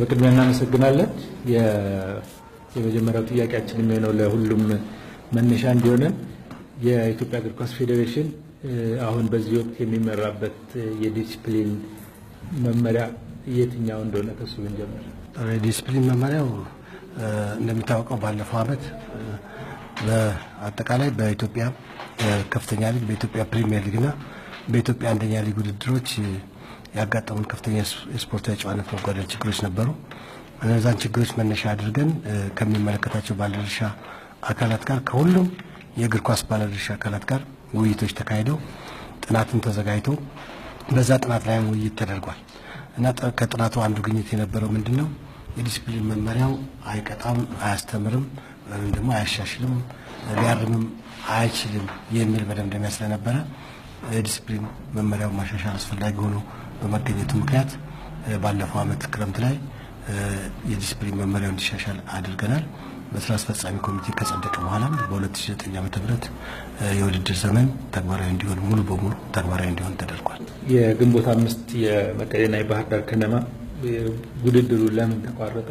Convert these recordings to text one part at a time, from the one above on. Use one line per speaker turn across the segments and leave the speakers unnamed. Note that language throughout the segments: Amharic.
በቅድሚያ እናመሰግናለን። የመጀመሪያው ጥያቄያችን የሚሆነው ለሁሉም መነሻ እንዲሆነን የኢትዮጵያ እግር ኳስ ፌዴሬሽን አሁን በዚህ ወቅት የሚመራበት የዲስፕሊን መመሪያ የትኛው እንደሆነ ከሱ ብንጀምር።
የዲስፕሊን መመሪያው እንደሚታወቀው ባለፈው ዓመት በአጠቃላይ በኢትዮጵያ ከፍተኛ ሊግ፣ በኢትዮጵያ ፕሪሚየር ና በኢትዮጵያ አንደኛ ሊግ ውድድሮች ያጋጠሙን ከፍተኛ የስፖርታዊ ጨዋነት መጓደል ችግሮች ነበሩ። እነዛን ችግሮች መነሻ አድርገን ከሚመለከታቸው ባለድርሻ አካላት ጋር ከሁሉም የእግር ኳስ ባለድርሻ አካላት ጋር ውይይቶች ተካሂደው ጥናትም ተዘጋጅቶ በዛ ጥናት ላይም ውይይት ተደርጓል እና ከጥናቱ አንዱ ግኝት የነበረው ምንድን ነው? የዲስፕሊን መመሪያው አይቀጣም፣ አያስተምርም ወይም ደግሞ አያሻሽልም፣ ሊያርምም አይችልም የሚል መደምደሚያ ስለነበረ የዲስፕሊን መመሪያው ማሻሻል አስፈላጊ ሆኖ በመገኘቱ ምክንያት ባለፈው ዓመት ክረምት ላይ የዲስፕሊን መመሪያ እንዲሻሻል አድርገናል። በስራ አስፈጻሚ ኮሚቴ ከጸደቀ በኋላም በ2009 ዓ.ም የውድድር ዘመን ተግባራዊ እንዲሆን ሙሉ በሙሉ ተግባራዊ እንዲሆን ተደርጓል።
የግንቦት አምስት የመቀሌና የባህር ዳር ከነማ ውድድሩ ለምን ተቋረጠ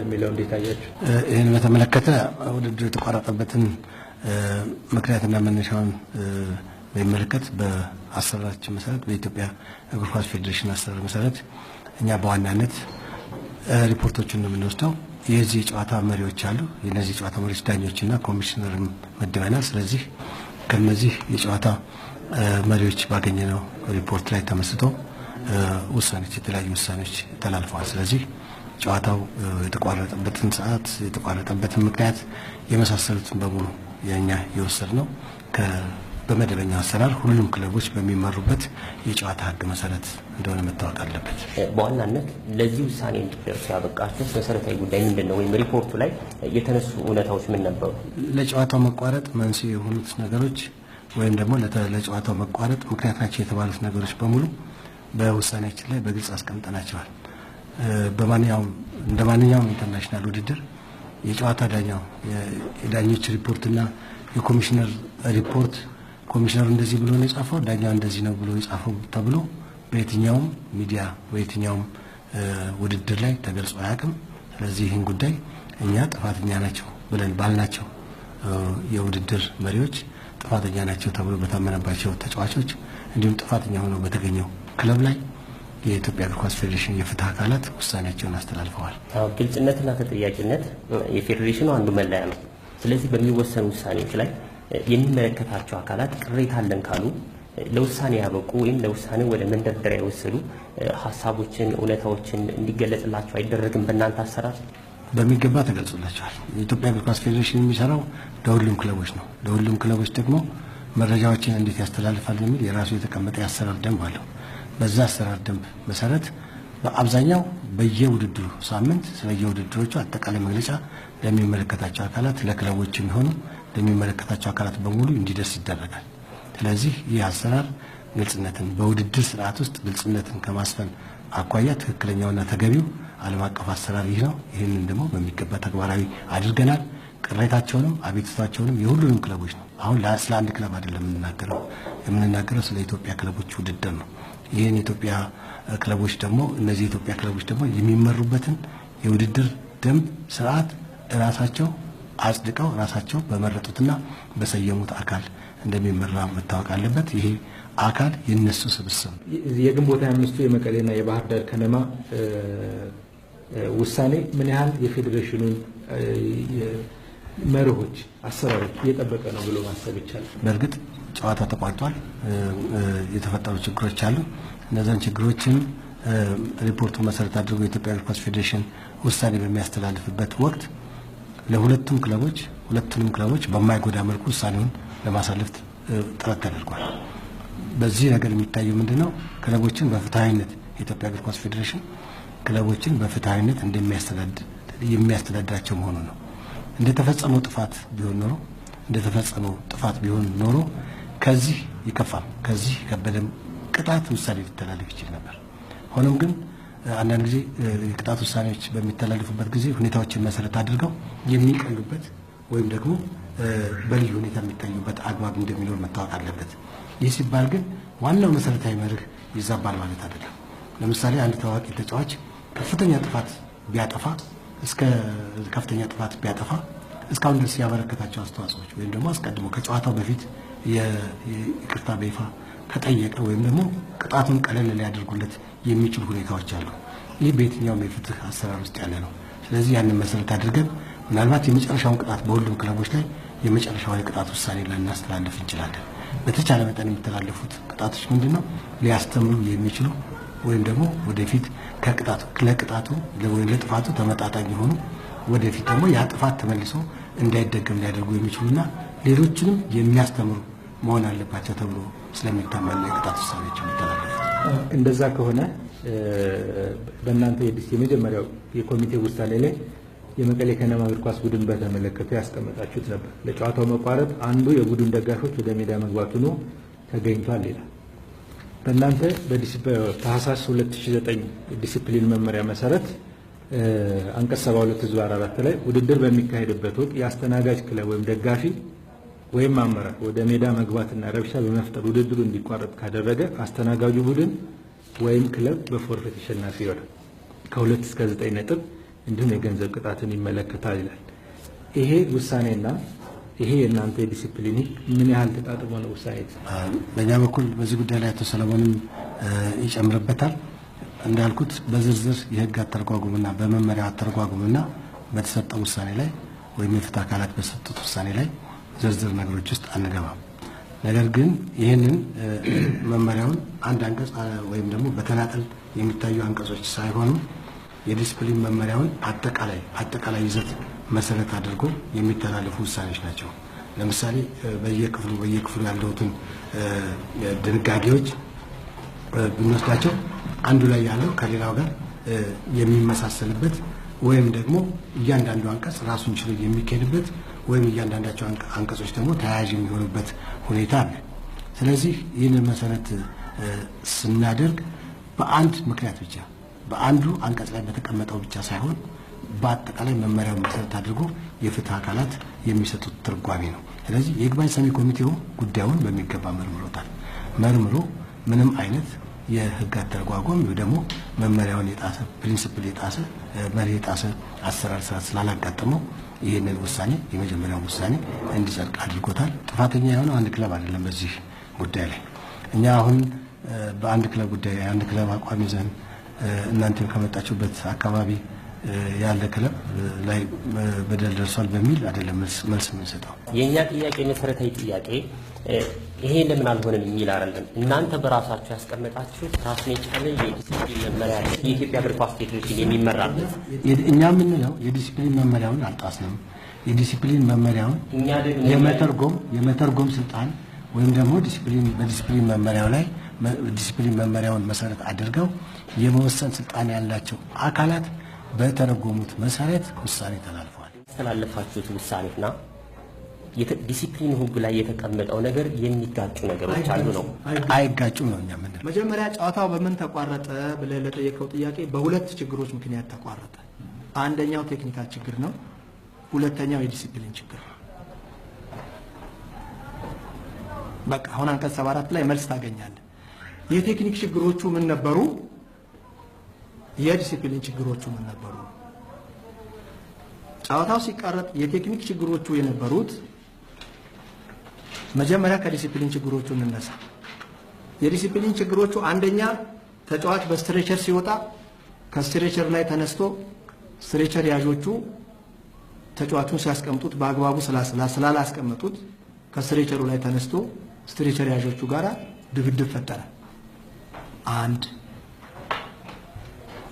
የሚለው እንዴት አያችሁ?
ይህን በተመለከተ ውድድሩ የተቋረጠበትን ምክንያትና መነሻውን በሚመለከት በአሰራራችን መሰረት በኢትዮጵያ እግር ኳስ ፌዴሬሽን አሰራር መሰረት እኛ በዋናነት ሪፖርቶችን ነው የምንወስደው። የዚህ ጨዋታ መሪዎች አሉ። የነዚህ ጨዋታ መሪዎች ዳኞችና ኮሚሽነር መድበናል። ስለዚህ ከነዚህ የጨዋታ መሪዎች ባገኘነው ሪፖርት ላይ ተመስቶ ውሳኔዎች፣ የተለያዩ ውሳኔዎች ተላልፈዋል። ስለዚህ ጨዋታው የተቋረጠበትን ሰዓት፣ የተቋረጠበትን ምክንያት የመሳሰሉትን በሙሉ የእኛ የወሰድ ነው። በመደበኛ አሰራር ሁሉም ክለቦች በሚመሩበት የጨዋታ ህግ መሰረት እንደሆነ መታወቅ አለበት።
በዋናነት ለዚህ ውሳኔ እንዲደርሱ ያበቃቸው መሰረታዊ ጉዳይ ምንድን ነው? ወይም ሪፖርቱ ላይ የተነሱ እውነታዎች ምን ነበሩ?
ለጨዋታው መቋረጥ መንስኤ የሆኑት ነገሮች ወይም ደግሞ ለጨዋታው መቋረጥ ምክንያት ናቸው የተባሉት ነገሮች በሙሉ በውሳኔያችን ላይ በግልጽ አስቀምጠናቸዋል። በማንኛውም እንደ ማንኛውም ኢንተርናሽናል ውድድር የጨዋታ ዳኛው የዳኞች ሪፖርትና የኮሚሽነር ሪፖርት ኮሚሽነሩ እንደዚህ ብሎ ነው የጻፈው፣ ዳኛ እንደዚህ ነው ብሎ የጻፈው ተብሎ በየትኛውም ሚዲያ በየትኛውም ውድድር ላይ ተገልጾ አያውቅም። ስለዚህ ይህን ጉዳይ እኛ ጥፋተኛ ናቸው ብለን ባልናቸው የውድድር መሪዎች ጥፋተኛ ናቸው ተብሎ በታመነባቸው ተጫዋቾች እንዲሁም ጥፋተኛ ሆነው በተገኘው ክለብ ላይ የኢትዮጵያ እግር ኳስ ፌዴሬሽን የፍትህ አካላት ውሳኔያቸውን አስተላልፈዋል።
ግልጽነትና ተጠያቂነት የፌዴሬሽኑ አንዱ መለያ ነው። ስለዚህ በሚወሰኑ ውሳኔዎች ላይ የሚመለከታቸው አካላት ቅሬታ አለን ካሉ ለውሳኔ ያበቁ ወይም ለውሳኔ ወደ መንደርደሪያ የወሰዱ ሀሳቦችን፣ እውነታዎችን እንዲገለጽላቸው አይደረግም? በእናንተ አሰራር
በሚገባ ተገልጾላቸዋል። የኢትዮጵያ እግር ኳስ ፌዴሬሽን የሚሰራው ለሁሉም ክለቦች ነው። ለሁሉም ክለቦች ደግሞ መረጃዎችን እንዴት ያስተላልፋል የሚል የራሱ የተቀመጠ የአሰራር ደንብ አለው። በዛ አሰራር ደንብ መሰረት በአብዛኛው በየውድድሩ ሳምንት ስለየውድድሮቹ አጠቃላይ መግለጫ ለሚመለከታቸው አካላት ለክለቦች የሚሆኑ ለሚመለከታቸው አካላት በሙሉ እንዲደርስ ይደረጋል። ስለዚህ ይህ አሰራር ግልጽነትን በውድድር ስርዓት ውስጥ ግልጽነትን ከማስፈን አኳያ ትክክለኛውና ተገቢው ዓለም አቀፍ አሰራር ይህ ነው። ይህንን ደግሞ በሚገባ ተግባራዊ አድርገናል። ቅሬታቸውንም አቤቱታቸውንም የሁሉንም ክለቦች ነው። አሁን ስለ አንድ ክለብ አይደለም የምንናገረው የምንናገረው ስለ ኢትዮጵያ ክለቦች ውድድር ነው። ይህን የኢትዮጵያ ክለቦች ደግሞ እነዚህ የኢትዮጵያ ክለቦች ደግሞ የሚመሩበትን የውድድር ደንብ ስርዓት እራሳቸው አጽድቀው ራሳቸው በመረጡትና በሰየሙት አካል እንደሚመራ መታወቅ አለበት። ይሄ አካል የነሱ ስብስብ የግንቦት
አምስቱ የመቀሌና የባህር ዳር ከነማ ውሳኔ ምን ያህል የፌዴሬሽኑን መርሆች፣ አሰራሮች እየጠበቀ ነው ብሎ ማሰብ
ይቻላል? በእርግጥ ጨዋታ ተቋርጧል። የተፈጠሩ ችግሮች አሉ። እነዚን ችግሮችን ሪፖርቱ መሰረት አድርጎ የኢትዮጵያ እግር ኳስ ፌዴሬሽን ውሳኔ በሚያስተላልፍበት ወቅት ለሁለቱም ክለቦች ሁለቱንም ክለቦች በማይጎዳ መልኩ ውሳኔውን ለማሳለፍ ጥረት ተደርጓል። በዚህ ነገር የሚታየው ምንድን ነው? ክለቦችን በፍትሐዊነት የኢትዮጵያ እግር ኳስ ፌዴሬሽን ክለቦችን በፍትሐዊነት የሚያስተዳድራቸው መሆኑ ነው። እንደተፈጸመው ጥፋት ቢሆን ኖሮ እንደተፈጸመው ጥፋት ቢሆን ኖሮ ከዚህ ይከፋም ከዚህ ከበደም ቅጣት ውሳኔ ሊተላለፍ ይችል ነበር። ሆኖም ግን አንዳንድ ጊዜ የቅጣት ውሳኔዎች በሚተላለፉበት ጊዜ ሁኔታዎችን መሰረት አድርገው የሚቀዩበት ወይም ደግሞ በልዩ ሁኔታ የሚታዩበት አግባብ እንደሚኖር መታወቅ አለበት። ይህ ሲባል ግን ዋናው መሰረታዊ መርህ ይዛባል ማለት አይደለም። ለምሳሌ አንድ ታዋቂ ተጫዋች ከፍተኛ ጥፋት ቢያጠፋ እስከ ከፍተኛ ጥፋት ቢያጠፋ እስካሁን ድረስ ያበረከታቸው አስተዋጽኦች ወይም ደግሞ አስቀድሞ ከጨዋታው በፊት ይቅርታ በይፋ ከጠየቀ ወይም ደግሞ ቅጣቱን ቀለል ሊያደርጉለት የሚችሉ ሁኔታዎች አሉ። ይህ በየትኛውም የፍትህ አሰራር ውስጥ ያለ ነው። ስለዚህ ያንን መሰረት አድርገን ምናልባት የመጨረሻውን ቅጣት በሁሉም ክለቦች ላይ የመጨረሻው የቅጣት ውሳኔ ላናስተላልፍ እንችላለን። በተቻለ መጠን የሚተላለፉት ቅጣቶች ምንድን ነው? ሊያስተምሩ የሚችሉ ወይም ደግሞ ወደፊት ከቅጣቱ ለቅጣቱ ወይም ለጥፋቱ ተመጣጣኝ የሆኑ ወደፊት ደግሞ ያ ጥፋት ተመልሶ እንዳይደገም ሊያደርጉ የሚችሉና ሌሎችንም የሚያስተምሩ መሆን አለባቸው ተብሎ ስለሚታመን
የቅጣት ውሳኔዎች የሚተላለፍ እንደዛ ከሆነ በእናንተ የመጀመሪያው የኮሚቴ ውሳኔ ላይ የመቀሌ ከነማ እግር ኳስ ቡድን በተመለከተ ያስቀመጣችሁት ነበር። ለጨዋታው መቋረጥ አንዱ የቡድን ደጋፊዎች ወደ ሜዳ መግባቱ ሆኖ ተገኝቷል ይላል። በእናንተ በታህሳስ 2009 ዲሲፕሊን መመሪያ መሰረት አንቀጽ 72 ዙ 4 ላይ ውድድር በሚካሄድበት ወቅት የአስተናጋጅ ክለብ ወይም ደጋፊ ወይም አመራር ወደ ሜዳ መግባትና ረብሻ በመፍጠር ውድድሩ እንዲቋረጥ ካደረገ አስተናጋጁ ቡድን ወይም ክለብ በፎርፌ ተሸናፊ ይሆናል። ከሁለት እስከ ዘጠኝ ነጥብ እንዲሁም የገንዘብ ቅጣትን ይመለከታል ይላል። ይሄ ውሳኔና ይሄ የእናንተ የዲሲፕሊን
ምን ያህል ተጣጥሞ ነው ውሳኔ? በእኛ በኩል በዚህ ጉዳይ ላይ አቶ ሰለሞንም ይጨምርበታል። እንዳልኩት በዝርዝር የህግ አተረጓጉምና በመመሪያ አተረጓጉምና በተሰጠው ውሳኔ ላይ ወይም የፍትህ አካላት በሰጡት ውሳኔ ላይ ዝርዝር ነገሮች ውስጥ አንገባም። ነገር ግን ይህንን መመሪያውን አንድ አንቀጽ ወይም ደግሞ በተናጠል የሚታዩ አንቀጾች ሳይሆኑ የዲስፕሊን መመሪያውን አጠቃላይ አጠቃላይ ይዘት መሰረት አድርጎ የሚተላለፉ ውሳኔዎች ናቸው። ለምሳሌ በየክፍሉ በየክፍሉ ያለሁትን ድንጋጌዎች ብንወስዳቸው አንዱ ላይ ያለው ከሌላው ጋር የሚመሳሰልበት ወይም ደግሞ እያንዳንዱ አንቀጽ ራሱን ችሎ የሚካሄድበት ወይም እያንዳንዳቸው አንቀጾች ደግሞ ተያያዥ የሚሆኑበት ሁኔታ አለ። ስለዚህ ይህንን መሰረት ስናደርግ በአንድ ምክንያት ብቻ በአንዱ አንቀጽ ላይ በተቀመጠው ብቻ ሳይሆን በአጠቃላይ መመሪያውን መሰረት አድርጎ የፍትህ አካላት የሚሰጡት ትርጓሜ ነው። ስለዚህ የይግባኝ ሰሚ ኮሚቴው ጉዳዩን በሚገባ መርምሮታል። መርምሮ ምንም አይነት የህግ አተረጓጎም ወይ ደግሞ መመሪያውን የጣሰ ፕሪንስፕል የጣሰ መርህ የጣሰ አሰራር ስርዓት ስላላጋጠመው ይህንን ውሳኔ የመጀመሪያውን ውሳኔ እንዲጸድቅ አድርጎታል። ጥፋተኛ የሆነው አንድ ክለብ አይደለም። በዚህ ጉዳይ ላይ እኛ አሁን በአንድ ክለብ ጉዳይ አንድ ክለብ አቋም ይዘን እናንተ ከመጣችሁበት አካባቢ ያለ ክለብ ላይ በደል ደርሷል በሚል አይደለም መልስ የምንሰጠው። የእኛ ጥያቄ መሰረታዊ ጥያቄ ይሄ ለምን አልሆነም የሚል አይደለም። እናንተ በራሳችሁ ያስቀመጣችሁ ራሱን የቻለ የዲሲፕሊን መመሪያ የኢትዮጵያ እግር ኳስ ፌዴሬሽን የሚመራበት እኛ የምንለው የዲሲፕሊን መመሪያውን አልጣስንም። የዲሲፕሊን መመሪያውን የመተርጎም የመተርጎም ስልጣን ወይም ደግሞ ዲሲፕሊን በዲሲፕሊን መመሪያው ላይ ዲሲፕሊን መመሪያውን መሰረት አድርገው የመወሰን ስልጣን ያላቸው አካላት በተረጎሙት መሰረት ውሳኔ ተላልፏል። ያስተላለፋችሁት ውሳኔና ዲሲፕሊን ህጉ ላይ የተቀመጠው ነገር የሚጋጩ ነገሮች አሉ ነው? አይጋጩም ነው እኛ ምንድን መጀመሪያ ጨዋታው በምን ተቋረጠ ብለህ
ለጠየቀው ጥያቄ በሁለት ችግሮች ምክንያት ተቋረጠ። አንደኛው ቴክኒካል ችግር ነው። ሁለተኛው የዲሲፕሊን ችግር ነው። በቃ አሁን አንቀጽ አራት ላይ መልስ ታገኛለህ። የቴክኒክ ችግሮቹ ምን ነበሩ? የዲሲፕሊን ችግሮቹ ምን ነበሩ? ጨዋታው ሲቀረጥ የቴክኒክ ችግሮቹ የነበሩት መጀመሪያ ከዲሲፕሊን ችግሮቹ እንነሳ። የዲሲፕሊን ችግሮቹ አንደኛ ተጫዋች በስትሬቸር ሲወጣ ከስትሬቸር ላይ ተነስቶ ስትሬቸር ያዦቹ ተጫዋቹን ሲያስቀምጡት በአግባቡ ስላላስቀመጡት ከስትሬቸሩ ላይ ተነስቶ ስትሬቸር ያዦቹ ጋር ድብድብ ፈጠረ። አንድ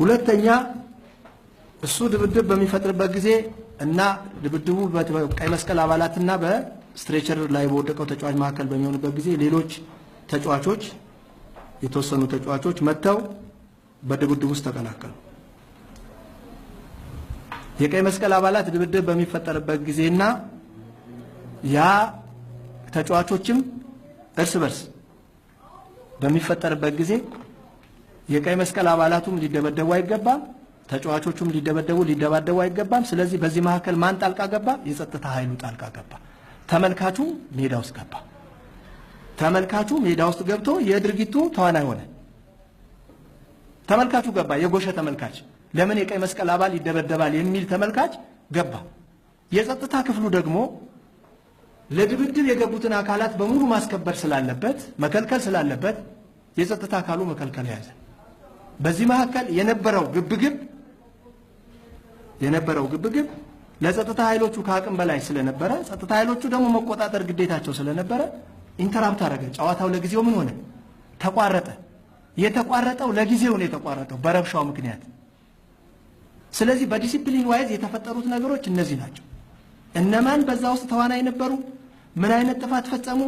ሁለተኛ እሱ ድብድብ በሚፈጥርበት ጊዜ እና ድብድቡ በቀይ መስቀል አባላትና በስትሬቸር ላይ በወደቀው ተጫዋች መካከል በሚሆንበት ጊዜ ሌሎች ተጫዋቾች የተወሰኑ ተጫዋቾች መጥተው በድብድብ ውስጥ ተቀላቀሉ። የቀይ መስቀል አባላት ድብድብ በሚፈጠርበት ጊዜና ያ ተጫዋቾችም እርስ በርስ በሚፈጠርበት ጊዜ የቀይ መስቀል አባላቱም ሊደበደቡ አይገባም። ተጫዋቾቹም ሊደበደቡ ሊደባደቡ አይገባም። ስለዚህ በዚህ መካከል ማን ጣልቃ ገባ? የጸጥታ ኃይሉ ጣልቃ ገባ። ተመልካቹ ሜዳ ውስጥ ገባ። ተመልካቹ ሜዳ ውስጥ ገብቶ የድርጊቱ ተዋናይ ሆነ። ተመልካቹ ገባ። የጎሸ ተመልካች ለምን የቀይ መስቀል አባል ይደበደባል የሚል ተመልካች ገባ። የጸጥታ ክፍሉ ደግሞ ለድብድብ የገቡትን አካላት በሙሉ ማስከበር ስላለበት መከልከል ስላለበት የጸጥታ አካሉ መከልከል ያዘ። በዚህ መካከል የነበረው ግብግብ የነበረው ግብግብ ለጸጥታ ኃይሎቹ ከአቅም በላይ ስለነበረ ጸጥታ ኃይሎቹ ደግሞ መቆጣጠር ግዴታቸው ስለነበረ ኢንተራፕት አደረገ ጨዋታው ለጊዜው ምን ሆነ? ተቋረጠ። የተቋረጠው ለጊዜው ነው የተቋረጠው በረብሻው ምክንያት። ስለዚህ በዲሲፕሊን ዋይዝ የተፈጠሩት ነገሮች እነዚህ ናቸው። እነማን በዛ ውስጥ ተዋናይ ነበሩ? ምን አይነት ጥፋት ፈጸሙ?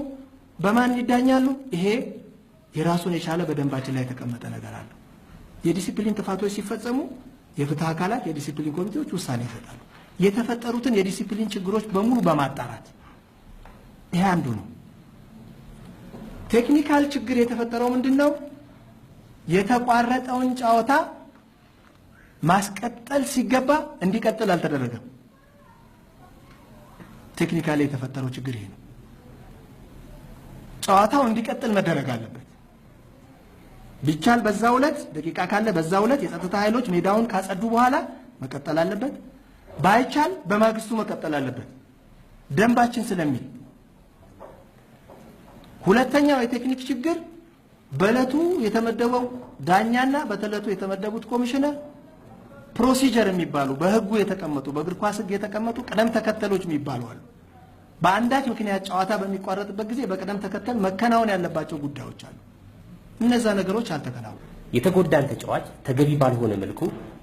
በማን ይዳኛሉ? ይሄ የራሱን የቻለ በደንባችን ላይ የተቀመጠ ነገር አለው። የዲሲፕሊን ጥፋቶች ሲፈጸሙ የፍትህ አካላት የዲሲፕሊን ኮሚቴዎች ውሳኔ ይሰጣሉ። የተፈጠሩትን የዲሲፕሊን ችግሮች በሙሉ በማጣራት ይሄ አንዱ ነው። ቴክኒካል ችግር የተፈጠረው ምንድን ነው? የተቋረጠውን ጨዋታ ማስቀጠል ሲገባ እንዲቀጥል አልተደረገም። ቴክኒካል የተፈጠረው ችግር ይሄ ነው። ጨዋታው እንዲቀጥል መደረግ አለበት። ቢቻል በዛ ዕለት ደቂቃ ካለ በዛ ዕለት የጸጥታ ኃይሎች ሜዳውን ካጸዱ በኋላ መቀጠል አለበት። ባይቻል በማግስቱ መቀጠል አለበት ደንባችን ስለሚል። ሁለተኛው የቴክኒክ ችግር በዕለቱ የተመደበው ዳኛና በተዕለቱ የተመደቡት ኮሚሽነር ፕሮሲጀር የሚባሉ በህጉ የተቀመጡ በእግር ኳስ ህግ የተቀመጡ ቅደም ተከተሎች የሚባሉ አሉ። በአንዳች ምክንያት ጨዋታ በሚቋረጥበት ጊዜ በቅደም ተከተል መከናወን ያለባቸው ጉዳዮች አሉ። እነዛ ነገሮች አልተከናወኑ። የተጎዳን ተጫዋች
ተገቢ ባልሆነ መልኩ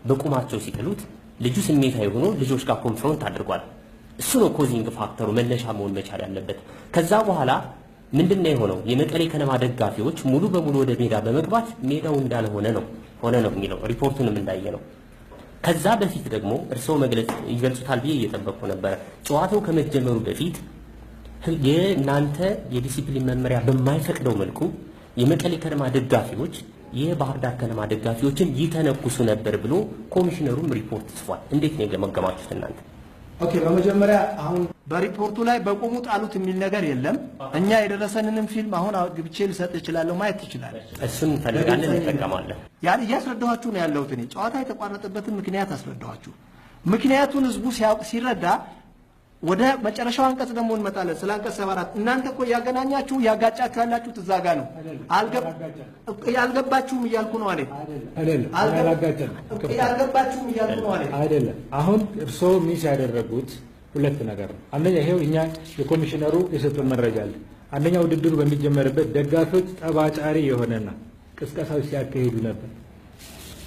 በቁማቸው ሲጥሉት ልጁ ስሜታዊ ሆኖ ልጆች ጋር ኮንፍሮንት አድርጓል። እሱ ነው ኮዚንግ ፋክተሩ መነሻ መሆን መቻል ያለበት። ከዛ በኋላ ምንድነው የሆነው? የመቀሌ ከነማ ደጋፊዎች ሙሉ በሙሉ ወደ ሜዳ በመግባት ሜዳው እንዳልሆነ ነው ሆነ ነው የሚለው ሪፖርቱንም እንዳየ ነው። ከዛ በፊት ደግሞ እርስዎ መግለጽ ይገልጹታል ብዬ እየጠበቅኩ ነበረ። ጨዋታው ከመጀመሩ በፊት የእናንተ የዲሲፕሊን መመሪያ በማይፈቅደው መልኩ የመቀሌ ከነማ ደጋፊዎች የባህር ዳር ከነማ ደጋፊዎችን ይተነኩሱ ነበር ብሎ ኮሚሽነሩም ሪፖርት ጽፏል። እንዴት ነው የገመገማችሁት እናንተ? ኦኬ፣ በመጀመሪያ አሁን
በሪፖርቱ ላይ በቆሙ ጣሉት የሚል ነገር የለም። እኛ የደረሰንንም ፊልም አሁን ግብቼ ልሰጥ እችላለሁ፣ ማየት ትችላለህ።
እሱን ፈልጋለን፣ እንጠቀማለን። ያን እያስረዳኋችሁ
ነው ያለሁት እኔ ጨዋታ የተቋረጠበትን ምክንያት አስረዳኋችሁ። ምክንያቱን ህዝቡ ሲያውቅ ሲረዳ ወደ መጨረሻው አንቀጽ ደግሞ እንመጣለን። ስለ አንቀጽ ሰባ አራት እናንተ እኮ ያገናኛችሁ ያጋጫችሁ ያላችሁ እዛ ጋ ነው። ያልገባችሁም እያልኩ ነው አለ። አልገባችሁም እያልኩ ነው አለ። አይደለም። አሁን እርስዎ ሚስ ያደረጉት ሁለት ነገር ነው። አንደኛ ይሄው እኛ የኮሚሽነሩ የሰጡን መረጃ አለ። አንደኛ ውድድሩ በሚጀመርበት ደጋፊዎች ጠባጫሪ የሆነና ቅስቀሳዎች ሲያካሂዱ ነበር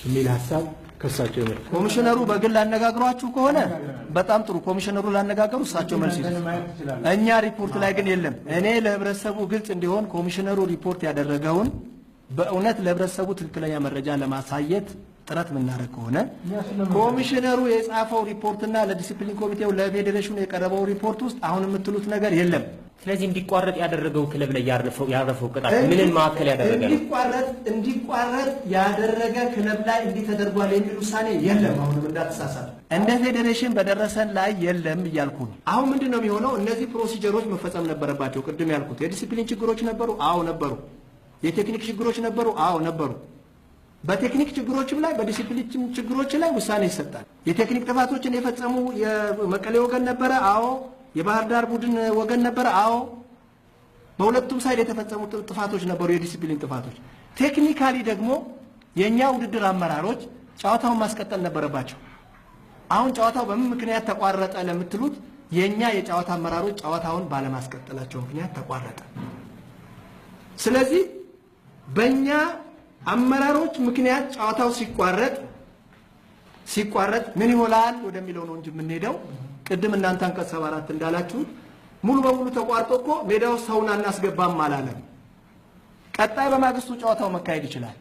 የሚል ሀሳብ ከሳቸው መልስ ኮሚሽነሩ በግል አነጋግሯችሁ ከሆነ በጣም ጥሩ። ኮሚሽነሩ ላነጋገሩ እሳቸው መልስ ይዙ። እኛ ሪፖርት ላይ ግን የለም። እኔ ለህብረተሰቡ ግልጽ እንዲሆን ኮሚሽነሩ ሪፖርት ያደረገውን በእውነት ለህብረተሰቡ ትክክለኛ መረጃ ለማሳየት ጥረት የምናደርግ ከሆነ ኮሚሽነሩ የጻፈው ሪፖርትና ለዲሲፕሊን ኮሚቴው ለፌዴሬሽኑ የቀረበው ሪፖርት ውስጥ አሁን የምትሉት ነገር የለም። ስለዚህ እንዲቋረጥ ያደረገው
ክለብ ላይ ያረፈው ቅጣት ምንን ማዕከል ያደረገ ነው? እንዲቋረጥ እንዲቋረጥ ያደረገ ክለብ ላይ እንዲህ ተደርጓል የሚል ውሳኔ የለም። አሁንም እንዳትሳሳት እንደ ፌዴሬሽን በደረሰን ላይ የለም እያልኩ ነው። አሁን ምንድን
ነው የሚሆነው? እነዚህ ፕሮሲጀሮች መፈጸም ነበረባቸው። ቅድም ያልኩት የዲሲፕሊን ችግሮች ነበሩ። አዎ ነበሩ። የቴክኒክ ችግሮች ነበሩ። አዎ ነበሩ። በቴክኒክ ችግሮችም ላይ በዲሲፕሊን ችግሮች ላይ ውሳኔ ይሰጣል። የቴክኒክ ጥፋቶችን የፈጸሙ የመቀሌ ወገን ነበረ። አዎ የባህር ዳር ቡድን ወገን ነበር? አዎ በሁለቱም ሳይድ የተፈጸሙ ጥፋቶች ነበሩ፣ የዲሲፕሊን ጥፋቶች። ቴክኒካሊ ደግሞ የእኛ ውድድር አመራሮች ጨዋታውን ማስቀጠል ነበረባቸው። አሁን ጨዋታው በምን ምክንያት ተቋረጠ ለምትሉት የእኛ የጨዋታ አመራሮች ጨዋታውን ባለማስቀጠላቸው ምክንያት ተቋረጠ። ስለዚህ በእኛ አመራሮች ምክንያት ጨዋታው ሲቋረጥ ሲቋረጥ ምን ይሆናል ወደሚለው ነው እንጂ የምንሄደው ቅድም እናንተ አንቀጽ 74 እንዳላችሁት ሙሉ በሙሉ ተቋርጦ እኮ ሜዳ ውስጥ ሰውን አናስገባም አላለም። ቀጣይ በማግስቱ ጨዋታው መካሄድ ይችላል።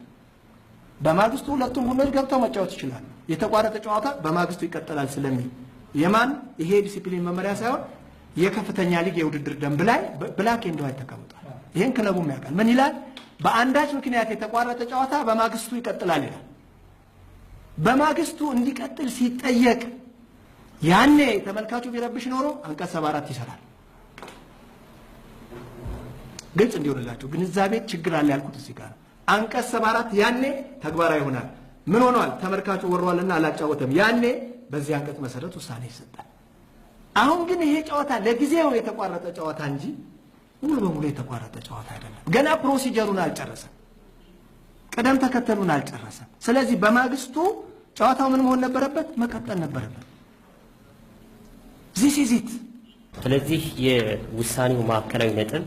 በማግስቱ ሁለቱም ቡድኖች ገብተው መጫወት ይችላል። የተቋረጠ ጨዋታ በማግስቱ ይቀጥላል ስለሚል የማን ይሄ ዲሲፕሊን መመሪያ ሳይሆን የከፍተኛ ሊግ የውድድር ደንብ ላይ ብላክ ኤንድ ዋይት ተቀምጧል። ይህን ክለቡም ያውቃል። ምን ይላል? በአንዳች ምክንያት የተቋረጠ ጨዋታ በማግስቱ ይቀጥላል ይላል። በማግስቱ እንዲቀጥል ሲጠየቅ ያኔ ተመልካቹ ቢረብሽ ኖሮ አንቀጽ ሰባ አራት ይሰራል። ግልጽ እንዲሆንላቸው ግንዛቤ ችግር አለ ያልኩት እዚህ ጋር አንቀጽ ሰባ አራት ያኔ ተግባራዊ ይሆናል። ምን ሆኗል? ተመልካቹ ወሯልና አላጫወተም። ያኔ በዚህ አንቀጽ መሰረት ውሳኔ ይሰጣል። አሁን ግን ይሄ ጨዋታ ለጊዜው የተቋረጠ ጨዋታ እንጂ ሙሉ በሙሉ የተቋረጠ ጨዋታ አይደለም። ገና ፕሮሲጀሩን አልጨረሰም፣ ቅደም ተከተሉን አልጨረሰም። ስለዚህ በማግስቱ ጨዋታው ምን መሆን ነበረበት? መቀጠል ነበረበት። ዚስ ስለዚህ የውሳኔው ማዕከላዊ ነጥብ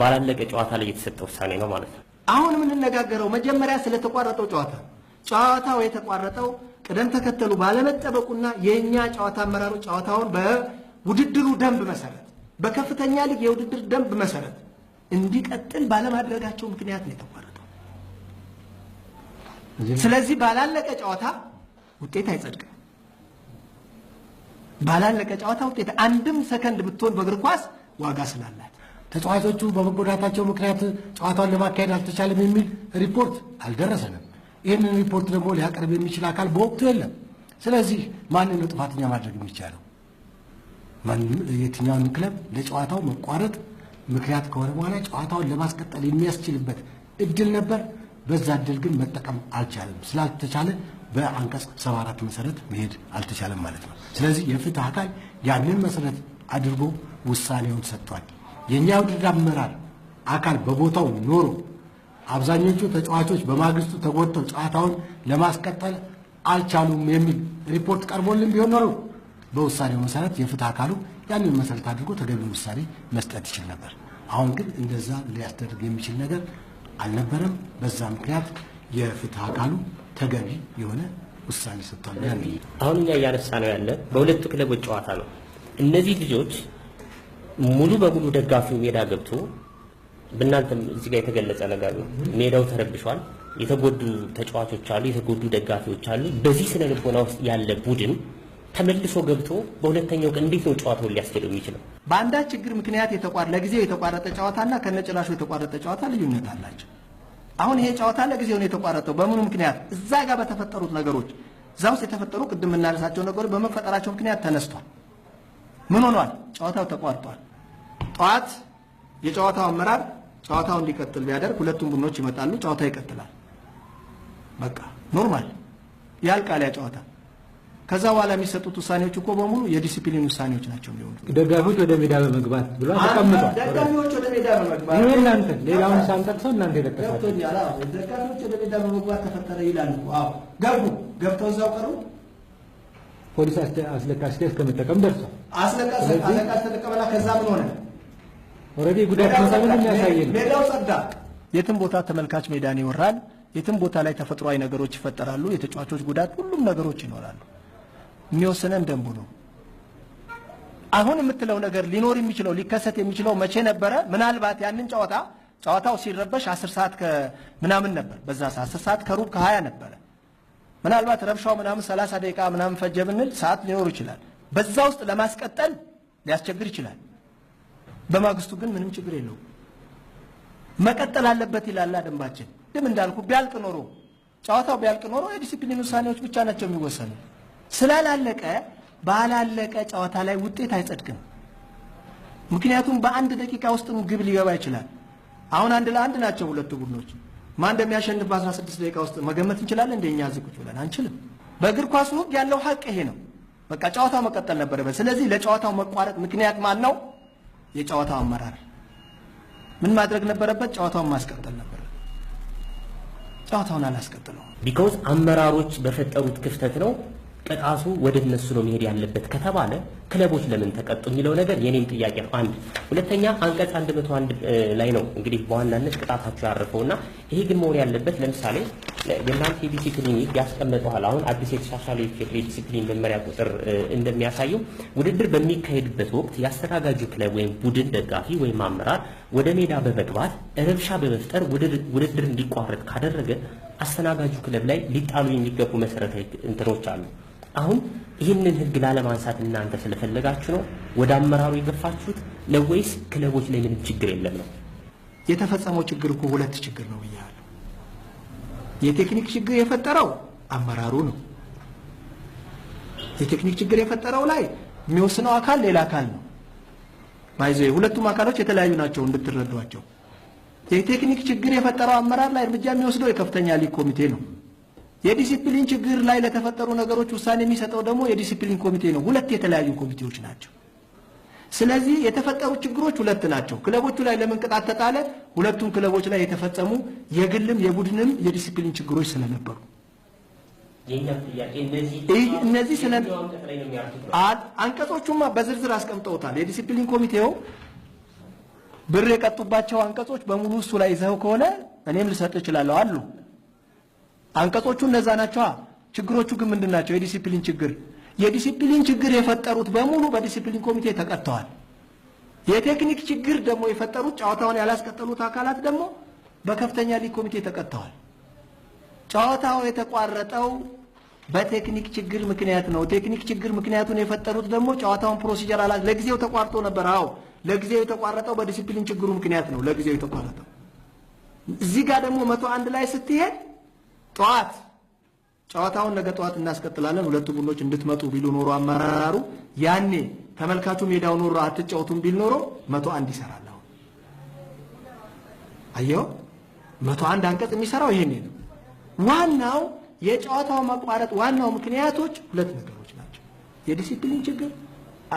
ባላለቀ ጨዋታ ላይ የተሰጠ ውሳኔ ነው ማለት ነው። አሁን የምንነጋገረው መጀመሪያ ስለተቋረጠው ጨዋታ ጨዋታው የተቋረጠው ቅደም ተከተሉ ባለመጠበቁና የእኛ ጨዋታ አመራሩ ጨዋታውን በውድድሩ ደንብ መሰረት በከፍተኛ ሊግ የውድድር ደንብ መሰረት እንዲቀጥል ባለማድረጋቸው ምክንያት ነው የተቋረጠው። ስለዚህ ባላለቀ ጨዋታ ውጤት አይጸድቅም። ባላለቀ ጨዋታ ውጤት አንድም ሰከንድ ብትሆን በእግር ኳስ ዋጋ ስላላት ተጫዋቾቹ
በመጎዳታቸው ምክንያት ጨዋታውን ለማካሄድ አልተቻለም የሚል ሪፖርት አልደረሰንም። ይህንን ሪፖርት ደግሞ ሊያቀርብ የሚችል አካል በወቅቱ የለም። ስለዚህ ማንን ነው ጥፋተኛ ማድረግ የሚቻለው? የትኛውን ክለብ ለጨዋታው መቋረጥ ምክንያት ከሆነ በኋላ ጨዋታውን ለማስቀጠል የሚያስችልበት እድል ነበር። በዛ እድል ግን መጠቀም አልቻለም። ስላልተቻለ በአንቀጽ 74 መሰረት መሄድ አልተቻለም ማለት ነው። ስለዚህ የፍትህ አካል ያንን መሰረት አድርጎ ውሳኔውን ሰጥቷል። የእኛ ውድድር አመራር አካል በቦታው ኖሮ አብዛኞቹ ተጫዋቾች በማግስቱ ተጎድተው ጨዋታውን ለማስቀጠል አልቻሉም የሚል ሪፖርት ቀርቦልን ቢሆን ኖሮ በውሳኔው መሰረት የፍትህ አካሉ ያንን መሰረት አድርጎ ተገቢውን ውሳኔ መስጠት ይችል ነበር። አሁን ግን እንደዛ ሊያስደርግ የሚችል ነገር አልነበረም። በዛ ምክንያት የፍትህ አካሉ ተገቢ የሆነ ውሳኔ ሰጥቷል። አሁን እኛ እያነሳ
ነው ያለ በሁለቱ ክለቦች ጨዋታ ነው። እነዚህ ልጆች ሙሉ በሙሉ ደጋፊው ሜዳ ገብቶ በእናንተም እዚህ ጋር የተገለጸ ነገር ነው። ሜዳው ተረብሿል። የተጎዱ ተጫዋቾች አሉ፣ የተጎዱ ደጋፊዎች አሉ። በዚህ ስነ ልቦና ውስጥ ያለ ቡድን ተመልሶ ገብቶ በሁለተኛው ቀን እንዴት ነው ጨዋታውን ሊያስኬደው
የሚችለው? በአንዳች ችግር ምክንያት ለጊዜው የተቋረጠ ጨዋታና ከነጭራሹ የተቋረጠ ጨዋታ ልዩነት አላቸው። አሁን ይሄ ጨዋታ ለጊዜው ነው የተቋረጠው። በምኑ ምክንያት? እዛ ጋር በተፈጠሩት ነገሮች እዛ ውስጥ የተፈጠሩ ቅድም እናነሳቸው ነገሮች በመፈጠራቸው ምክንያት ተነስቷል። ምን ሆኗል? ጨዋታው ተቋርጧል። ጠዋት የጨዋታው አመራር ጨዋታው እንዲቀጥል ቢያደርግ ሁለቱም ቡድኖች ይመጣሉ፣ ጨዋታ ይቀጥላል። በቃ ኖርማል ያልቃል ያ ጨዋታ። ከዛ በኋላ የሚሰጡት ውሳኔዎች እኮ በሙሉ የዲሲፕሊን ውሳኔዎች ናቸው የሚሆኑት። ደጋፊዎች ወደ ሜዳ በመግባት ብሎ ተቀምጧል። ደጋፊዎች ወደ ቤዳ እናንተ ሌላውን ሳንጠቅሰው እናንተ የጠቀሳችሁ ገብቶኛል። ወደ ቤዳ በመግባት ተፈጠረ ይላሉ። አዎ ገቡ፣ ገብተው እዛው ቀሩ። ፖሊስ አስለቃሽ እስከመጠቀም ደርሷል። አስለቃሽ ተጠቀመና ከዛ ምን ሆነ? ኦልሬዲ ጉዳት መሳምን የሚያሳይ ነው። ሜዳው ጸዳ። የትም ቦታ ተመልካች ሜዳን ይወራል። የትም ቦታ ላይ ተፈጥሯዊ ነገሮች ይፈጠራሉ። የተጫዋቾች ጉዳት፣ ሁሉም ነገሮች ይኖራሉ። የሚወስነን ደንቡ ነው። አሁን የምትለው ነገር ሊኖር የሚችለው ሊከሰት የሚችለው መቼ ነበረ? ምናልባት ያንን ጨዋታ ጨዋታው ሲረበሽ አስር ሰዓት ምናምን ነበር። በዛ ሰዓት አስር ሰዓት ከሩብ ከሀያ ነበረ። ምናልባት ረብሻው ምናምን ሰላሳ ደቂቃ ምናምን ፈጀ ብንል ሰዓት ሊኖር ይችላል። በዛ ውስጥ ለማስቀጠል ሊያስቸግር ይችላል። በማግስቱ ግን ምንም ችግር የለውም። መቀጠል አለበት ይላል ደንባችን። ድም እንዳልኩ ቢያልቅ ኖሮ ጨዋታው ቢያልቅ ኖሮ የዲሲፕሊን ውሳኔዎች ብቻ ናቸው የሚወሰኑ ስላላለቀ ባላለቀ ጨዋታ ላይ ውጤት አይጸድቅም። ምክንያቱም በአንድ ደቂቃ ውስጥ ግብ ሊገባ ይችላል። አሁን አንድ ለአንድ ናቸው ሁለቱ ቡድኖች። ማን እንደሚያሸንፍ በ16 ደቂቃ ውስጥ መገመት እንችላለን? እንደኛ እዚህ ቁጭ ብለን አንችልም። በእግር ኳሱ ሕግ ያለው ሀቅ ይሄ ነው። በቃ ጨዋታው መቀጠል ነበረበት። ስለዚህ ለጨዋታው መቋረጥ ምክንያት ማን ነው? የጨዋታው አመራር። ምን ማድረግ ነበረበት? ጨዋታውን ማስቀጠል ነበር። ጨዋታውን አላስቀጥለው ቢኮዝ አመራሮች
በፈጠሩት ክፍተት ነው ቅጣቱ ወደ እነሱ ነው መሄድ ያለበት ከተባለ ክለቦች ለምን ተቀጡ የሚለው ነገር የኔም ጥያቄ ነው። አንድ ሁለተኛ አንቀጽ 101 ላይ ነው እንግዲህ በዋናነት ቅጣታቸው ያረፈውና ይሄ ግን መሆን ያለበት ለምሳሌ የእናንተ የዲሲፕሊን ያስቀመጠዋል። አሁን አዲስ የተሻሻለ የፌዴሬ ዲሲፕሊን መመሪያ ቁጥር እንደሚያሳየው ውድድር በሚካሄድበት ወቅት የአስተናጋጁ ክለብ ወይም ቡድን ደጋፊ ወይም አመራር ወደ ሜዳ በመግባት ረብሻ በመፍጠር ውድድር እንዲቋረጥ ካደረገ አስተናጋጁ ክለብ ላይ ሊጣሉ የሚገቡ መሰረታዊ እንትኖች አሉ። አሁን ይህንን ህግ ላለማንሳት እናንተ ስለፈለጋችሁ ነው ወደ አመራሩ የገፋችሁት ለወይስ ክለቦች ላይ ምንም ችግር የለም ነው? የተፈጸመው ችግር እኮ ሁለት ችግር ነው ብያለሁ። የቴክኒክ ችግር የፈጠረው አመራሩ ነው። የቴክኒክ ችግር የፈጠረው ላይ የሚወስነው አካል ሌላ አካል ነው። ባይዞ ሁለቱም አካሎች የተለያዩ ናቸው እንድትረዷቸው። የቴክኒክ ችግር የፈጠረው አመራር ላይ እርምጃ የሚወስደው የከፍተኛ ሊግ ኮሚቴ ነው። የዲሲፕሊን ችግር ላይ ለተፈጠሩ ነገሮች ውሳኔ የሚሰጠው ደግሞ የዲሲፕሊን ኮሚቴ ነው። ሁለት የተለያዩ ኮሚቴዎች ናቸው። ስለዚህ የተፈጠሩ ችግሮች ሁለት ናቸው። ክለቦቹ ላይ ለምን ቅጣት ተጣለ? ሁለቱም ክለቦች ላይ የተፈጸሙ የግልም የቡድንም የዲሲፕሊን ችግሮች ስለነበሩ እነዚህ አንቀጾቹማ በዝርዝር አስቀምጠውታል። የዲሲፕሊን ኮሚቴው ብር የቀጡባቸው አንቀጾች በሙሉ እሱ ላይ ይዘው ከሆነ እኔም ልሰጥ እችላለሁ አሉ። አንቀጾቹ እነዛ ናቸዋ። ችግሮቹ ግን ምንድን ናቸው? የዲሲፕሊን ችግር የዲሲፕሊን ችግር የፈጠሩት በሙሉ በዲሲፕሊን ኮሚቴ ተቀጥተዋል። የቴክኒክ ችግር ደግሞ የፈጠሩት ጨዋታውን ያላስቀጠሉት አካላት ደግሞ በከፍተኛ ሊግ ኮሚቴ ተቀጥተዋል። ጨዋታው የተቋረጠው በቴክኒክ ችግር ምክንያት ነው። ቴክኒክ ችግር ምክንያቱን የፈጠሩት ደግሞ ጨዋታውን ፕሮሲጀር አላ ለጊዜው ተቋርጦ ነበር። አዎ ለጊዜው የተቋረጠው በዲሲፕሊን ችግሩ ምክንያት ነው። ለጊዜው የተቋረጠው እዚህ ጋር ደግሞ መቶ አንድ ላይ ስትሄድ ጠዋት ጨዋታውን ነገ ጠዋት እናስቀጥላለን ሁለቱ ቡድኖች እንድትመጡ ቢሉ ኖሮ አመራሩ ያኔ ተመልካቹ ሜዳው ኖሮ አትጫወቱም ቢል ኖሮ መቶ አንድ ይሰራል። አሁን አየው መቶ አንድ አንቀጽ የሚሰራው ይሄኔ ነው። ዋናው የጨዋታው መቋረጥ ዋናው ምክንያቶች ሁለት ነገሮች ናቸው፣ የዲሲፕሊን ችግር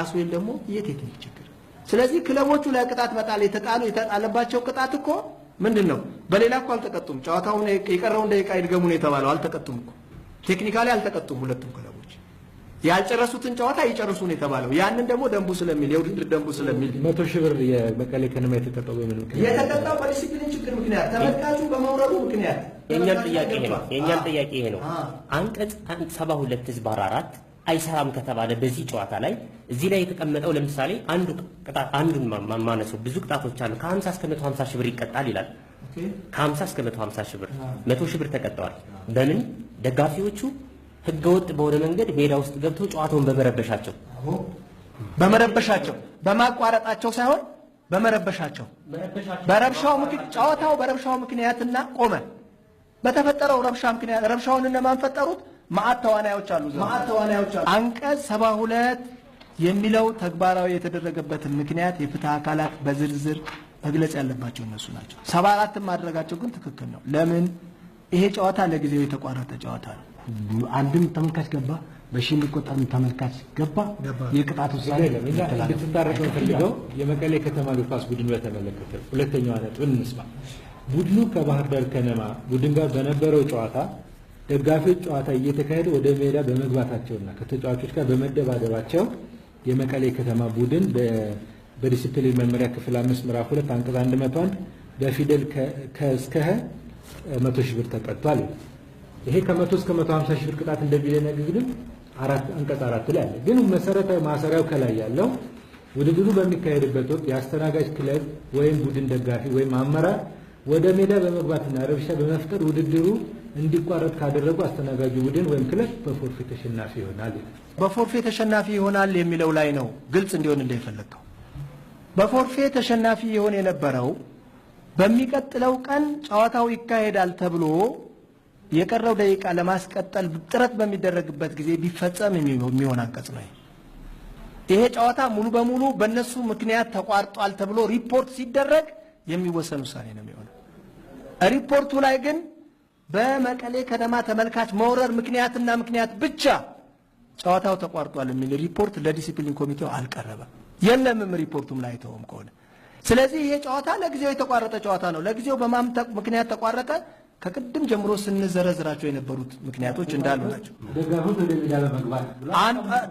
አስዌል ደግሞ የቴክኒክ ችግር። ስለዚህ ክለቦቹ ላይ ቅጣት መጣል የተጣሉ የተጣለባቸው ቅጣት እኮ ምንድን ነው? በሌላ እኮ አልተቀጡም። ጨዋታውን የቀረውን ደቂቃ ይድገሙ ነው የተባለው። አልተቀጡም እኮ ቴክኒካሊ አልተቀጡም። ሁለቱም ክለቦች ያልጨረሱትን ጨዋታ ይጨርሱ ነው የተባለው። ያንን ደግሞ ደንቡ ስለሚል የውድድር
ደንቡ ስለሚል መቶ ሺህ ብር የመቀሌ ከነማ የተቀጣው በምን ምክንያት? የተቀጣው በዲሲፕሊን ችግር ምክንያት ተመልካቹ በመውረዱ
ምክንያት። የእኛም ጥያቄ ይሄ ነው። የእኛም ጥያቄ ይሄ ነው። አንቀጽ ሰባ ሁለት ህዝብ አራት አይሰራም ከተባለ በዚህ ጨዋታ ላይ እዚህ ላይ የተቀመጠው ለምሳሌ አንዱ ቅጣት አንዱን ማነሰው ብዙ ቅጣቶች አሉ። ከ50 እስከ 150 ሽብር ይቀጣል ይላል። ከ50 እስከ 150 ሺህ ብር 100 ሺህ ብር ተቀጠዋል። በምን ደጋፊዎቹ ህገወጥ በሆነ መንገድ ሜዳ ውስጥ ገብተው ጨዋታውን በመረበሻቸው በመረበሻቸው በማቋረጣቸው ሳይሆን በመረበሻቸው በረብሻው ምክንያት ጨዋታው በረብሻው ምክንያትና ቆመ። በተፈጠረው ረብሻ ምክንያት ረብሻውን እነማን ፈጠሩት? ማአት ተዋናዮች አሉ። ማአት ተዋናዮች አሉ። አንቀጽ ሰባ ሁለት የሚለው ተግባራዊ የተደረገበት ምክንያት የፍትህ አካላት በዝርዝር መግለጽ ያለባቸው እነሱ ናቸው። ሰባ አራትም ማድረጋቸው ግን ትክክል ነው። ለምን ይሄ ጨዋታ ለጊዜው የተቋረጠ ጨዋታ ነው። አንድም ተመልካች ገባ፣ በሺ የሚቆጠርም ተመልካች ገባ። የቅጣት ውሳኔ እንድትታረቅ
ፈልገው የመቀሌ ከተማ እግር ኳስ ቡድን በተመለከተ ሁለተኛዋ ነጥብ እንስማ። ቡድኑ ከባህር ዳር ከነማ ቡድን ጋር በነበረው ጨዋታ ደጋፊዎች ጨዋታ እየተካሄደ ወደ ሜዳ በመግባታቸውና ከተጫዋቾች ጋር በመደባደባቸው የመቀሌ ከተማ ቡድን በዲሲፕሊን መመሪያ ክፍል አምስት ምዕራፍ ሁለት አንቀጽ አንድ መቶ አንድ በፊደል ከእስከህ መቶ ሺህ ብር ተቀጥቷል። ይሄ ከመቶ እስከ መቶ ሀምሳ ሺህ ብር ቅጣት እንደሚደነግግም አራት አንቀጽ አራት ላይ አለ። ግን መሰረታዊ ማሰሪያው ከላይ ያለው ውድድሩ በሚካሄድበት ወቅት የአስተናጋጅ ክለብ ወይም ቡድን ደጋፊ ወይም አመራር ወደ ሜዳ በመግባትና ረብሻ በመፍጠር ውድድሩ እንዲቋረጥ ካደረጉ አስተናጋጁ ቡድን ወይም ክለብ በፎርፌ ተሸናፊ ይሆናል። በፎርፌ ተሸናፊ ይሆናል የሚለው ላይ ነው ግልጽ እንዲሆን የፈለግከው። በፎርፌ ተሸናፊ ይሆን የነበረው በሚቀጥለው ቀን ጨዋታው ይካሄዳል ተብሎ የቀረው ደቂቃ ለማስቀጠል ጥረት በሚደረግበት ጊዜ ቢፈጸም የሚሆን አንቀጽ ነው። ይሄ ጨዋታ ሙሉ በሙሉ በእነሱ ምክንያት ተቋርጧል ተብሎ ሪፖርት ሲደረግ የሚወሰን ውሳኔ ነው የሚሆነው። ሪፖርቱ ላይ ግን በመቀሌ ከተማ ተመልካች መውረር ምክንያትና ምክንያት ብቻ ጨዋታው ተቋርጧል የሚል ሪፖርት ለዲሲፕሊን ኮሚቴው አልቀረበም። የለምም ሪፖርቱም ላይ ተውም ከሆነ ስለዚህ ይሄ ጨዋታ ለጊዜው የተቋረጠ ጨዋታ ነው። ለጊዜው በማን ምክንያት ተቋረጠ? ከቅድም ጀምሮ ስንዘረዝራቸው የነበሩት ምክንያቶች እንዳሉ ናቸው።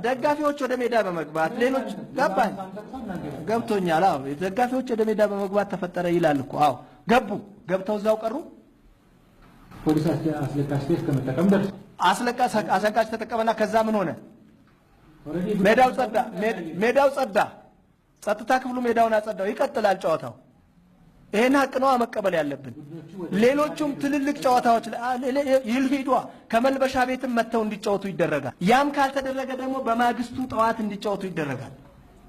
ደጋፊዎች ወደ ሜዳ በመግባት ሌሎች ገባኝ ገብቶኛል። ደጋፊዎች ወደ ሜዳ በመግባት ተፈጠረ ይላል እኮ። አዎ ገቡ፣ ገብተው እዛው ቀሩ። ፖሊስ አስለቃሽ ከመጠቀም ደርሶ አስለቃሽ ተጠቀመና ከዛ ምን ሆነ? ሜዳው ጸዳ፣ ሜዳው ጸዳ። ጸጥታ ክፍሉ ሜዳውን አጸዳው። ይቀጥላል ጨዋታው። ይሄን ሀቅ ነዋ መቀበል ያለብን። ሌሎቹም ትልልቅ ጨዋታዎች ይልሂዷ ከመልበሻ ቤትም መጥተው እንዲጫወቱ ይደረጋል። ያም ካልተደረገ ደግሞ በማግስቱ ጠዋት እንዲጫወቱ ይደረጋል።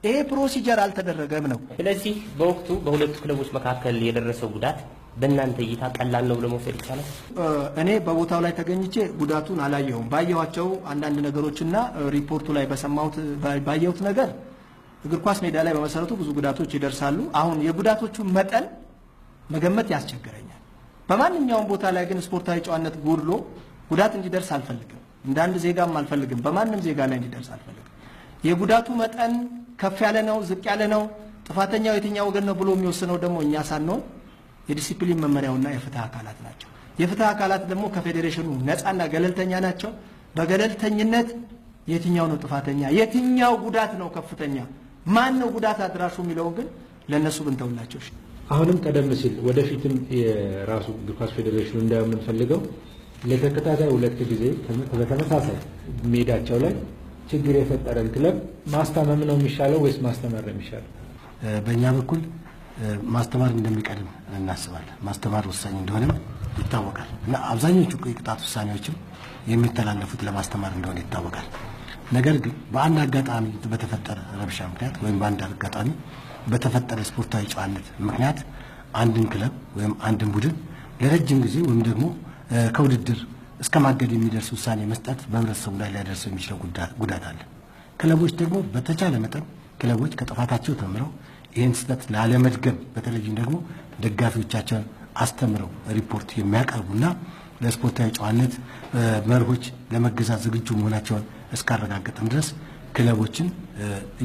ይሄ ፕሮሲጀር አልተደረገም ነው። ስለዚህ በወቅቱ በሁለቱ ክለቦች መካከል የደረሰው ጉዳት በእናንተ እይታ ቀላል ነው ብሎ መውሰድ ይቻላል? እኔ በቦታው ላይ ተገኝቼ ጉዳቱን አላየሁም። ባየኋቸው አንዳንድ ነገሮችና ሪፖርቱ ላይ በሰማሁት ባየሁት ነገር እግር ኳስ ሜዳ ላይ በመሰረቱ ብዙ ጉዳቶች ይደርሳሉ። አሁን የጉዳቶቹ መጠን መገመት ያስቸግረኛል። በማንኛውም ቦታ ላይ ግን ስፖርታዊ ጨዋነት ጎድሎ ጉዳት እንዲደርስ አልፈልግም። እንደ አንድ ዜጋም አልፈልግም። በማንም ዜጋ ላይ እንዲደርስ አልፈልግም። የጉዳቱ መጠን ከፍ ያለ ነው፣ ዝቅ ያለ ነው፣ ጥፋተኛው የትኛው ወገን ነው ብሎ የሚወስነው ደግሞ እኛ ሳንሆን የዲሲፕሊን መመሪያውና የፍትህ አካላት ናቸው። የፍትህ አካላት ደግሞ ከፌዴሬሽኑ ነፃና ገለልተኛ ናቸው። በገለልተኝነት የትኛው ነው ጥፋተኛ፣ የትኛው ጉዳት ነው ከፍተኛ፣ ማን ነው ጉዳት አድራሹ የሚለውን ግን ለእነሱ ብንተውላቸው አሁንም ቀደም ሲል ወደፊትም የራሱ እግር ኳስ ፌዴሬሽኑ እንዳየው የምንፈልገው ለተከታታይ ሁለት ጊዜ በተመሳሳይ ሜዳቸው ላይ ችግር የፈጠረን ክለብ ማስታመም ነው የሚሻለው ወይስ ማስተማር ነው የሚሻለው? በእኛ በኩል ማስተማር እንደሚቀድም እናስባለን። ማስተማር ወሳኝ እንደሆነም ይታወቃል እና አብዛኞቹ የቅጣት ውሳኔዎችም የሚተላለፉት ለማስተማር እንደሆነ ይታወቃል። ነገር ግን በአንድ አጋጣሚ በተፈጠረ ረብሻ ምክንያት ወይም በአንድ አጋጣሚ በተፈጠረ ስፖርታዊ ጨዋነት ምክንያት አንድን ክለብ ወይም አንድን ቡድን ለረጅም ጊዜ ወይም ደግሞ ከውድድር እስከ ማገድ የሚደርስ ውሳኔ መስጠት በህብረተሰቡ ላይ ሊያደርሰው የሚችለው ጉዳት አለ። ክለቦች ደግሞ በተቻለ መጠን ክለቦች ከጥፋታቸው ተምረው ይህን ስህተት ላለመድገም በተለይም ደግሞ ደጋፊዎቻቸውን አስተምረው ሪፖርት የሚያቀርቡና ለስፖርታዊ ጨዋነት መርሆች ለመገዛት ዝግጁ መሆናቸውን እስካረጋገጥን ድረስ ክለቦችን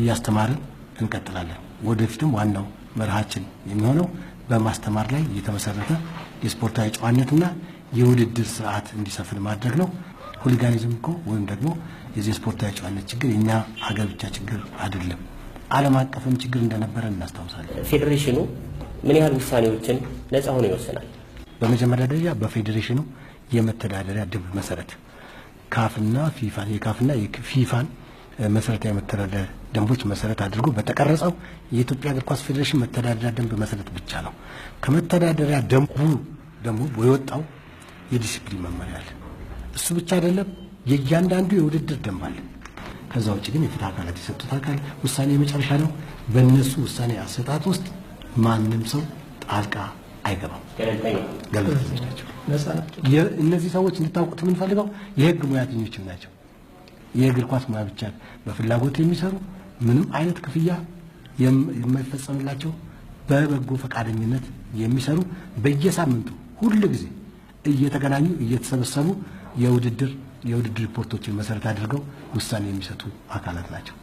እያስተማርን እንቀጥላለን። ወደፊትም ዋናው መርሃችን የሚሆነው በማስተማር ላይ የተመሰረተ የስፖርታዊ ጨዋነትና የውድድር ስርዓት እንዲሰፍን ማድረግ ነው። ሁሊጋኒዝም እኮ ወይም ደግሞ የዚህ የስፖርታዊ ጨዋነት ችግር የእኛ ሀገር ብቻ ችግር አይደለም። ዓለም አቀፍም ችግር እንደነበረ እናስታውሳለን። ፌዴሬሽኑ ምን ያህል ውሳኔዎችን ነጻ ሆኖ ይወስናል? በመጀመሪያ ደረጃ በፌዴሬሽኑ የመተዳደሪያ ደንብ መሰረት ካፍና ፊፋን የካፍና ፊፋን መሰረታዊ መተዳደሪያ ደንቦች መሰረት አድርጎ በተቀረጸው የኢትዮጵያ እግር ኳስ ፌዴሬሽን መተዳደሪያ ደንብ መሰረት ብቻ ነው። ከመተዳደሪያ ደንቡ ደግሞ የወጣው የዲሲፕሊን መመሪያ አለ። እሱ ብቻ አይደለም፣ የእያንዳንዱ የውድድር ደንብ አለ። ከዛ ውጭ ግን የፍትህ አካላት የሰጡት አካል ውሳኔ የመጨረሻ ነው። በእነሱ ውሳኔ አሰጣት ውስጥ ማንም ሰው ጣልቃ አይገባም። ገለልተኞች ናቸው። እነዚህ ሰዎች እንድታውቁት የምንፈልገው የህግ ሙያተኞችም ናቸው። የእግር ኳስ ሙያ ብቻ በፍላጎት የሚሰሩ ምንም አይነት ክፍያ የማይፈጸምላቸው በበጎ ፈቃደኝነት የሚሰሩ በየሳምንቱ ሁል ጊዜ እየተገናኙ እየተሰበሰቡ የውድድር የውድድር ሪፖርቶችን መሰረት አድርገው ውሳኔ የሚሰጡ አካላት ናቸው።